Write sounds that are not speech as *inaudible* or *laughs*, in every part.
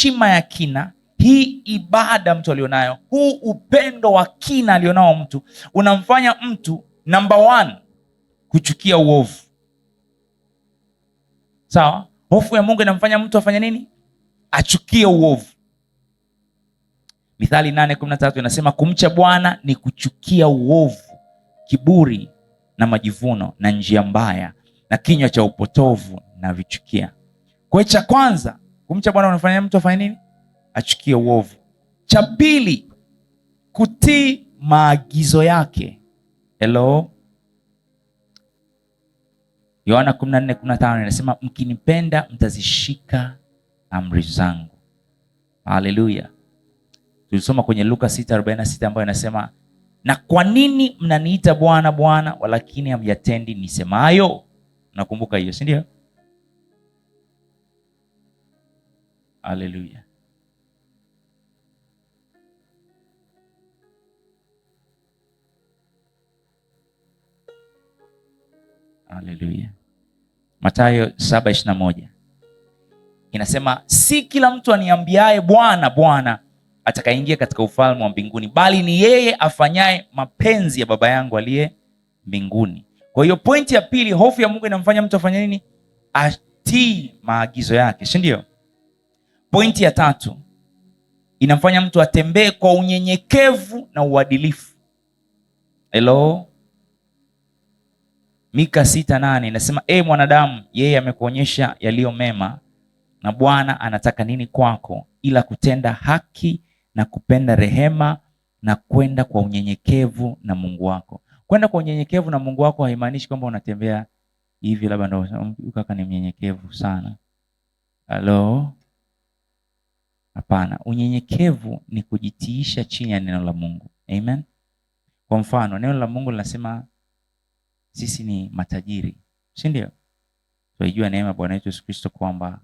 heshima ya kina, hii ibada mtu alionayo, huu upendo wa kina alionao mtu unamfanya mtu namba one kuchukia uovu. Sawa, hofu ya Mungu inamfanya mtu afanye nini? Achukie uovu. Mithali 8:13 inasema kumcha Bwana ni kuchukia uovu, kiburi na majivuno na njia mbaya na kinywa cha upotovu na vichukia. Kwa hiyo cha kwanza Kumcha Bwana unafanya mtu afanye nini? Achukie uovu. Cha pili, kutii maagizo yake. Hello? Yohana 14:15 inasema mkinipenda mtazishika amri zangu. Haleluya. Tulisoma kwenye Luka 6:46 ambayo inasema na kwa nini mnaniita Bwana Bwana, walakini hamyatendi nisemayo? Nakumbuka hiyo, si ndio? Haleluya. Haleluya. Mathayo 7:21. Inasema si kila mtu aniambiaye Bwana, Bwana atakayeingia katika ufalme wa mbinguni, bali ni yeye afanyaye mapenzi ya Baba yangu aliye mbinguni. Kwa hiyo pointi ya pili, hofu ya Mungu inamfanya mtu afanye nini? Atii maagizo yake, si ndio? Pointi ya tatu inamfanya mtu atembee kwa unyenyekevu na uadilifu. Hello, Mika sita nane inasema e, mwanadamu, yeye amekuonyesha yaliyo mema na Bwana anataka nini kwako ila kutenda haki na kupenda rehema na kwenda kwa unyenyekevu na Mungu wako. Kwenda kwa unyenyekevu na Mungu wako haimaanishi kwamba unatembea hivi labda ndo kaka ni mnyenyekevu sana. Halo Hapana, unyenyekevu ni kujitiisha chini ya neno la Mungu. Amen. Kwa mfano, neno la Mungu linasema sisi ni matajiri, si ndio? Tunaijua neema Bwana wetu Yesu Kristo kwamba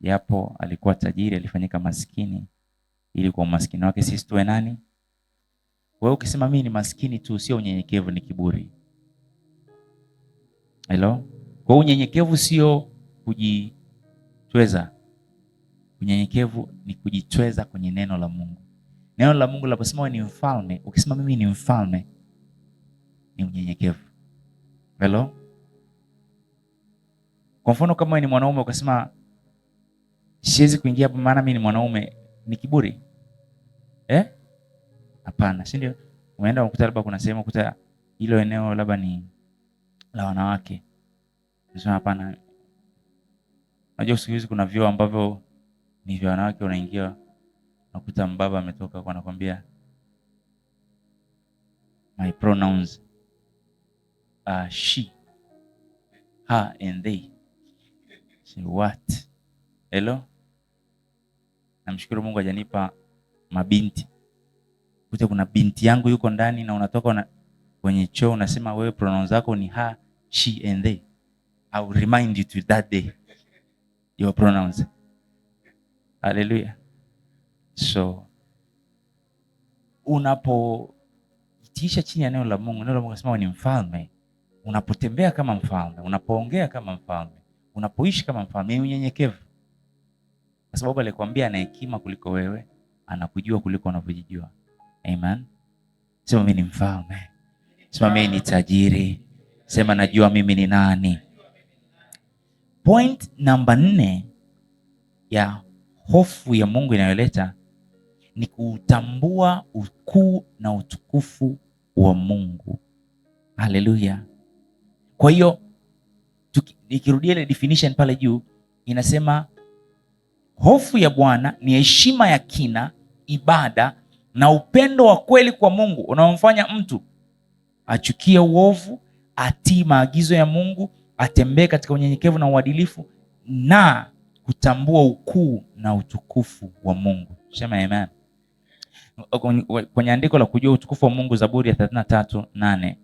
japo alikuwa tajiri alifanyika maskini ili kwa umaskini wake sisi tuwe nani? Wewe ukisema mimi ni maskini tu, sio unyenyekevu, ni kiburi. Hello? Kwa unyenyekevu sio kujitweza Unyenyekevu ni kujitweza kwenye neno la Mungu. Neno la Mungu linaposema wewe ni mfalme, ukisema mimi ni mfalme, ni unyenyekevu. Hello? Kwa mfano kama ni mwanaume ukasema siwezi kuingia hapa maana mimi ni mwanaume, ni kiburi. Eh? Hapana, si ndio? Umeenda ukuta labda kuna sehemu ukuta hilo eneo labda ni la wanawake. Unasema hapana. Unajua siku hizi kuna vyuo ambavyo ni vya wanawake, unaingia unakuta mbaba ametoka kwa anakwambia my pronouns are she her and they. Say what? Hello, namshukuru Mungu ajanipa mabinti kute, kuna binti yangu yuko ndani na unatoka una, kwenye choo unasema wewe pronouns zako ni her she and they. I will remind you to that day your pronouns Haleluya. So unapotiisha chini ya neno la Mungu, neno la Mungu nasema ni mfalme, unapotembea kama mfalme, unapoongea kama mfalme, unapoishi kama mfalme, ni unyenyekevu, kwa sababu alikwambia ana hekima kuliko wewe, anakujua kuliko unavyojijua. Amen. Sema mimi ni mfalme, sema mimi ni tajiri, sema najua mimi ni nani. Point namba nne ya hofu ya Mungu inayoleta ni kuutambua ukuu na utukufu wa Mungu. Haleluya! Kwa hiyo nikirudia ile definition pale juu inasema hofu ya Bwana ni heshima ya kina, ibada na upendo wa kweli kwa Mungu unaomfanya mtu achukie uovu, atii maagizo ya Mungu, atembee katika unyenyekevu na uadilifu na kutambua ukuu na utukufu wa Mungu. Sema amen. Kwenye andiko la kujua utukufu wa Mungu, Zaburi ya 33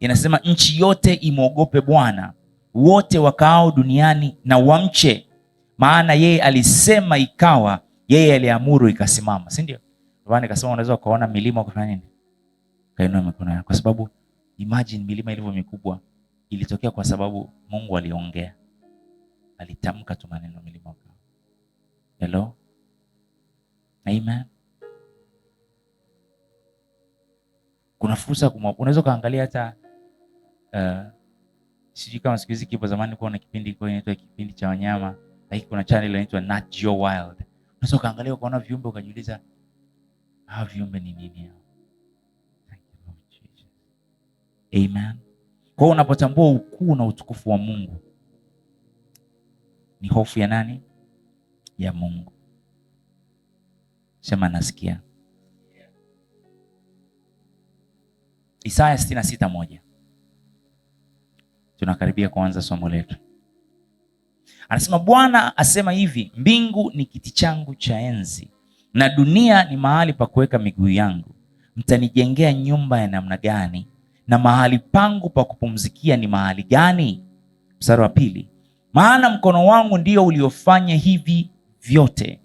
inasema nchi yote imwogope Bwana, wote wakaao duniani na wamche, maana yeye alisema ikawa, yeye aliamuru ikasimama, si ndio? Nikasema unaweza ukaona milima ukafanya nini, kainua mikono yako, kwa sababu imagine milima ilivyo mikubwa ilitokea kwa sababu Mungu aliongea alitamka tu maneno milima ukawa. Hello? Amen. Kuna fursa kumwa, unaweza ukaangalia hata uh, sijui kama siku hizi kipo, zamani kuwa na kipindi kwa inaitwa kipindi cha wanyama, lakini kuna channel inaitwa Nat Geo Wild. Unaweza ukaangalia ukaona viumbe ukajiuliza, hawa viumbe ni nini hao? Amen. Kwa unapotambua ukuu na utukufu wa Mungu ni hofu ya nani? Ya Mungu. Sema nasikia. Isaya sitini na sita moja. Tunakaribia kuanza somo letu. Anasema Bwana asema hivi, mbingu ni kiti changu cha enzi na dunia ni mahali pa kuweka miguu yangu. Mtanijengea nyumba ya namna gani? Na mahali pangu pa kupumzikia ni mahali gani? Mstari wa pili, maana mkono wangu ndio uliofanya hivi vyote,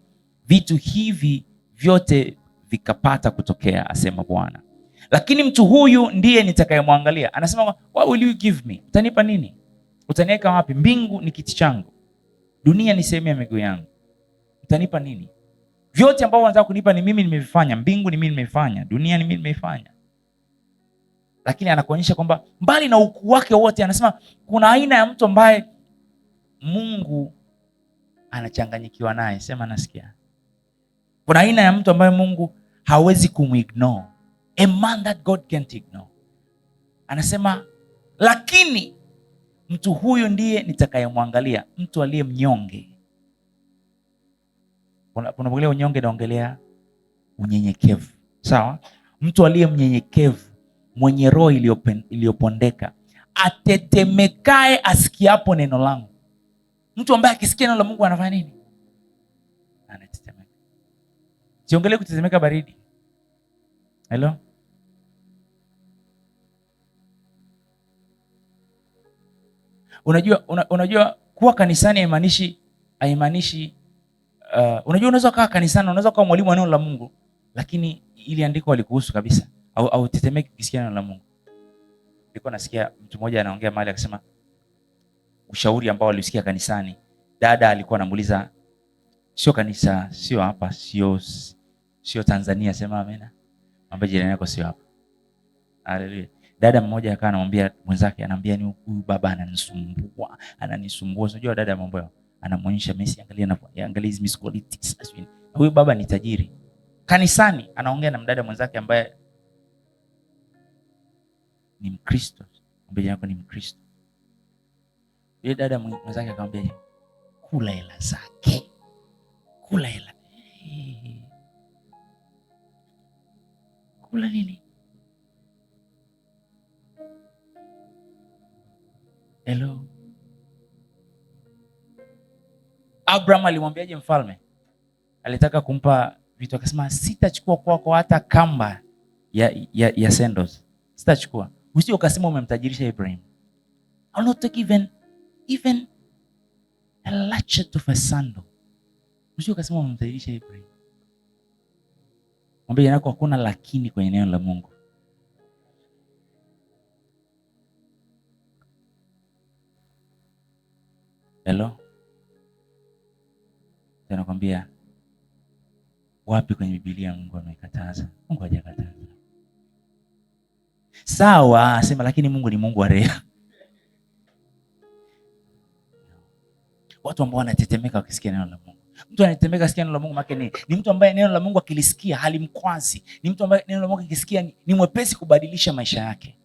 vitu hivi vyote vikapata kutokea, asema Bwana. Lakini mtu huyu ndiye nitakayemwangalia. Anasema, what will you give me, utanipa nini? Utaniweka wapi? Mbingu ni kiti changu, dunia ni sehemu ya miguu yangu. Utanipa nini? Vyote ambavyo unataka kunipa ni mimi nimevifanya. Mbingu ni mimi nimeifanya, dunia ni mimi nimeifanya. Lakini anakuonyesha kwamba mbali na ukuu wake wote, anasema kuna aina ya mtu ambaye Mungu anachanganyikiwa naye. Sema nasikia. Kuna aina ya mtu ambaye Mungu hawezi kumignore, a man that God can't ignore. Anasema lakini mtu huyu ndiye nitakayemwangalia, mtu aliye mnyonge. Unapoongelea unyonge, naongelea unyenyekevu, sawa? Mtu aliye mnyenyekevu, mwenye roho iliyopondeka, atetemekae asikiapo neno langu. Mtu ambaye akisikia neno la Mungu anafanya nini? Anatetemeka. Siongelee kutetemeka baridi. Hello? Unajua, una, unajua kuwa kanisani haimaanishi haimaanishi uh, unajua unaweza kaa kanisani, unaweza kuwa mwalimu wa neno la Mungu, lakini ili andiko alikuhusu kabisa, au au tetemeki kisikia neno la Mungu. Nilikuwa nasikia mtu mmoja anaongea mahali akasema ushauri ambao alisikia kanisani. Dada alikuwa anamuuliza, sio kanisa, sio hapa, sio sio Tanzania, sema amena. Mwambie jirani yako sio hapa. Haleluya. Dada mmoja akawa anamwambia mwenzake, anamwambia ni huyu baba ananisumbua, ananisumbua. Unajua dada mambo yao, anamuonyesha Messi, angalia na angalia hizi miss qualities. Huyu baba ni tajiri. Kanisani anaongea na mdada mwenzake ambaye ni Mkristo. Mwambie jirani yako ni Mkristo. Yule dada mwenzake akamwambia, kula hela zake, kula hela kula nini? Hello, Abraham alimwambiaje mfalme? Alitaka kumpa vitu, akasema sitachukua kwako kwa hata kamba ya, ya, ya sandals sitachukua. Usije ukasema umemtajirisha Ibrahim. I'll not take even even a latchet of a sandal. Msio ukasema umemdhalilisha Ibrahim. Mwambie yako hakuna lakini kwenye neno la Mungu. Hello? Nakwambia wapi kwenye Biblia Mungu amekataza? Mungu hajakataza. Sawa, asema lakini Mungu ni Mungu wa rehema. watu ambao wanatetemeka wakisikia neno la Mungu. Mtu anatetemeka sikia neno la Mungu maana ni, ni mtu ambaye neno la Mungu akilisikia halimkwazi. Ni mtu ambaye neno la Mungu akisikia ni, ni mwepesi kubadilisha maisha yake.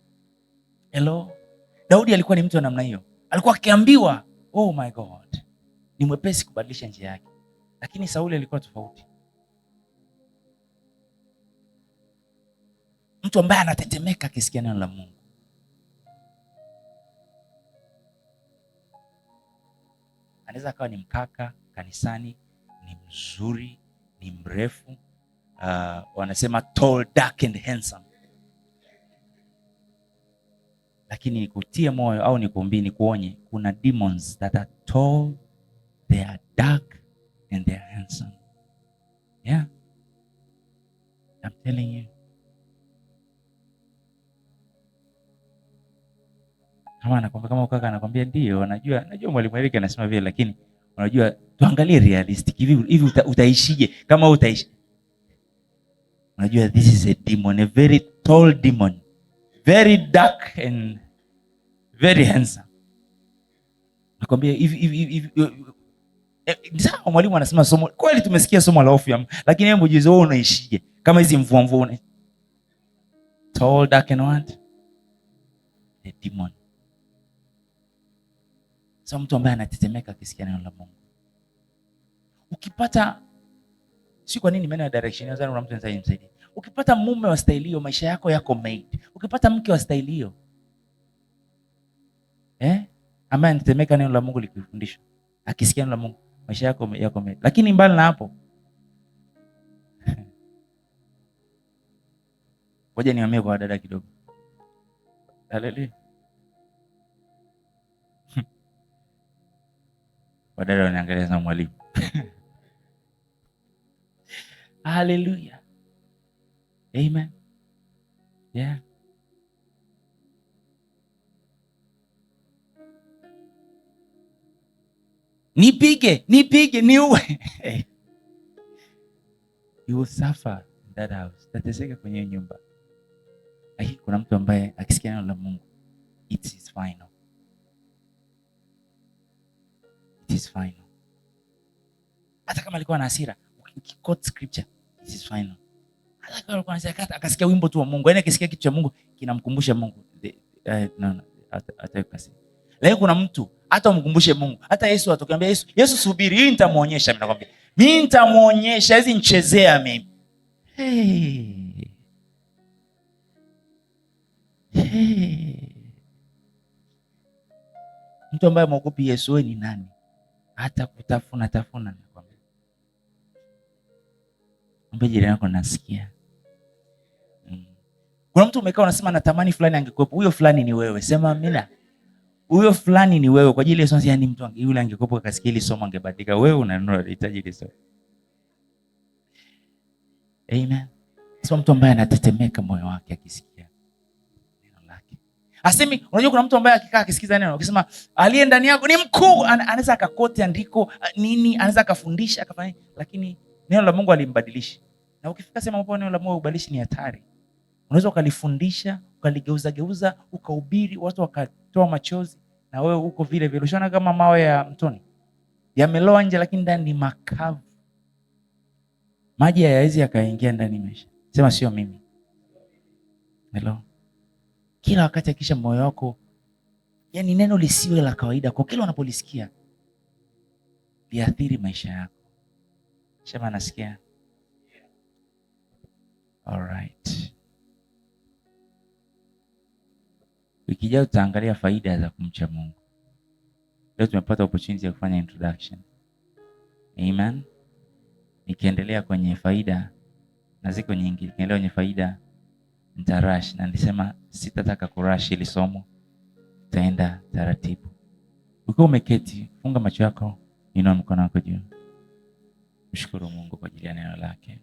Hello. Daudi alikuwa ni mtu wa namna hiyo. Alikuwa akiambiwa, "Oh my God." Ni mwepesi kubadilisha njia yake. Lakini Sauli alikuwa tofauti. Mtu ambaye anatetemeka akisikia neno la Mungu. anaweza akawa ni mkaka kanisani, ni mzuri, ni mrefu uh, wanasema tall, dark and handsome, lakini nikutie moyo au nikumbii, nikuonye, kuna demons that are tall, they are Kama anakwambia kama ukaka anakwambia ndio, najua najua mwalimu Eric anasema vile, lakini unajua tuangalie realistic hivi hivi uta, utaishije? Kama utaishi, unajua this is a demon, a very tall demon, very dark and very handsome. Nakwambia hivi hivi hivi eh, sawa, mwalimu anasema somo kweli, tumesikia somo la hofu lakini hebu jiulize wewe unaishije? Kama hizi mvua mvua, tall dark and what a demon sasa mtu ambaye anatetemeka akisikia neno la Mungu. Ukipata si kwa nini maneno ya direction yangu na mtu anataka anisaidie. Ukipata mume wa staili hiyo, maisha yako yako made. Ukipata mke wa staili hiyo, eh, ambaye anatetemeka neno la Mungu likifundishwa, akisikia neno la Mungu, maisha yako yako made. Lakini mbali na hapo, *laughs* ngoja niambie kwa dada kidogo. Haleluya. Wadada wanaangalia na mwalimu. *laughs* Haleluya, amen, yeah. Nipige, nipige, niue. *laughs* You will suffer in that house. Tateseka kwenye nyumba. Lakini kuna mtu ambaye akisikia neno la Mungu, it is final. is final. Hata kama alikuwa na hasira, ukiquote scripture, this is final. Hata kama alikuwa na hasira, akasikia wimbo tu wa Mungu, yaani akisikia kitu cha Mungu kinamkumbusha Mungu. Leo eh, kuna mtu hata umkumbushe Mungu, hata Yesu atakwambia, Yesu, Yesu subiri, hii nitamuonyesha, mimi nakwambia, mimi nitamuonyesha, hizi nichezea mimi. Hey. Hey. Mtu ambaye mwogopi Yesu, wewe ni nani? hata kutafuna tafuna. Mwambie jirani yako nasikia. Mm. Kuna mtu umekaa unasema natamani fulani angekuwepo. Huyo fulani ni wewe. Sema amina. Huyo fulani ni wewe kwa ajili ya yani mtu ange, yule angekuwepo akasikia ile somo angebadilika. Wewe unahitaji ile somo. Amen. Sio mtu ambaye anatetemeka moyo wake akisikia. Asemi, unajua kuna mtu ambaye akikaa akisikiza neno akisema aliye ndani yako ni mkuu, anaweza akakote andiko nini, anaweza akafundisha akafanya, lakini neno la Mungu alimbadilishi Na ukifika sema mambo neno la Mungu ubadilishi ni hatari. Unaweza ukalifundisha ukaligeuza geuza ukahubiri, watu wakatoa machozi, na wewe uko vile vile. Ushona kama mawe ya mtoni yameloa nje, lakini ndani ni makavu, maji hayawezi yakaingia ndani. Maisha sema sio mimi. Hello. Kila wakati akisha moyo wako, yani neno lisiwe la kawaida kwa kila unapolisikia liathiri maisha yako. Shema nasikia. All right. Wiki ijayo tutaangalia faida za kumcha Mungu. Leo tumepata opportunity ya kufanya introduction. Amen. Nikiendelea kwenye faida na ziko nyingi, nikiendelea kwenye faida nitarush, na nilisema sitataka kurush ili somo, taenda taratibu. Ukiwa umeketi, funga macho yako, inua mkono wako juu, mshukuru Mungu kwa ajili ya neno lake.